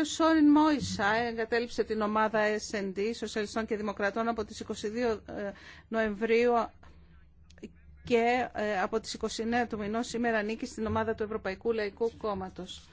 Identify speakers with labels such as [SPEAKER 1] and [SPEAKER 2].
[SPEAKER 1] Ο Σόριν Μόισα εγκατέλειψε την ομάδα S&D, Σοσιαλιστών και Δημοκρατών, από τις 22 ε, Νοεμβρίου και ε, από τις 29 του μηνός σήμερα νίκη στην ομάδα του Ευρωπαϊκού Λαϊκού Κόμματος.